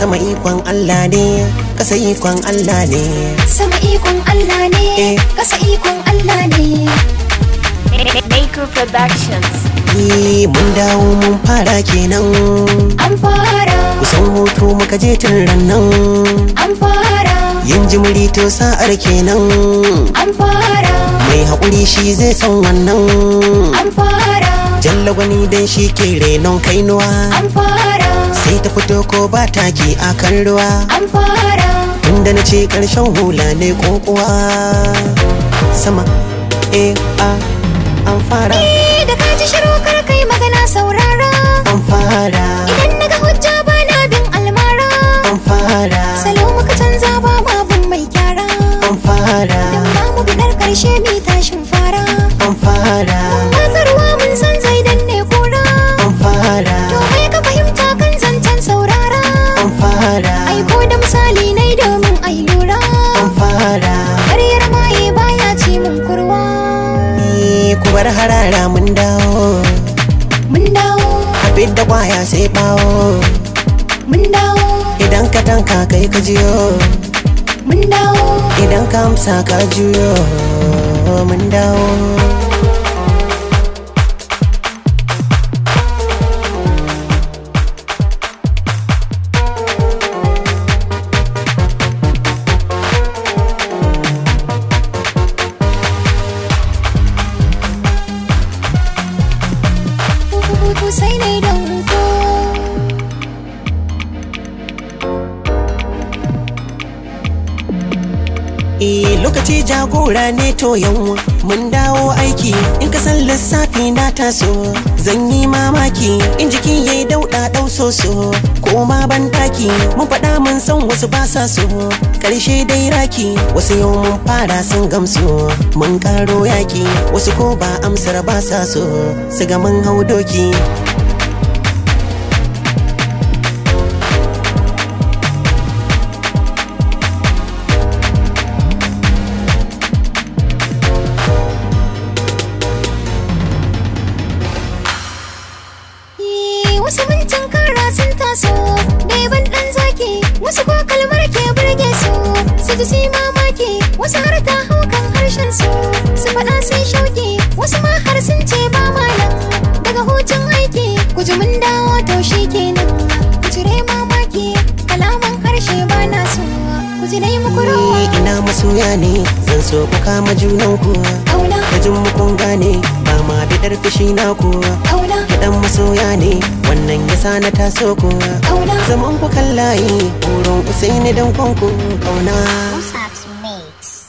sama ikon Allah ne kasa ikon Allah ne sama ikon Allah ne eh. kasa ikon Allah ne Maker Productions eh, mun dawo mun fara kenan an fara kusan hoto muka je tun rannan. an fara yin jimri to sa'ar kenan an fara mai haƙuri shi zai san wannan an fara jalla gwani dan shi ke renon kainuwa an fara doko ba taki a kan ruwa an fara inda na ce karshen hula ne kokowa sama eh, a an fara eh, da ka ji shiru kar kai magana saura bar harara mun dawo mun dawo abin da kwaya sai bawo mun dawo idan ka tanka kai ka jiyo mun dawo idan ka amsa ka juyo mun dawo sai na danko Eh lokaci jagora ne to yawa mun dawo aiki in ka san lissafi na taso zan yi mamaki in jiki yayi dauɗa ɗau soso ko ma ban taki mun faɗa mun san wasu ba sa so karshe dai raki wasu yau mun fara sun gamsu mun karo yaki wasu ko ba amsar ba sa so su ga mun hau doki wasu mintan kara sun taso da yaban dan zaki wasu ko kalmar ke burge su su ji sai mamaki wasu har ta hau kan harshen su su faɗa sai shauki wasu ma har sun ce ba malam daga hutun aiki ku ji mun dawo taushe kenan ku cire mamaki kalaman harshe ba na so ku ji dai muku rawa eh, ina masoya ne zan so ku kama junan ku da jin mukun gane ma bidar fushi na kowa kiɗan masoya ne wannan ya sa na taso kowa zaman ku kallaye horon usaini dan kwanku kauna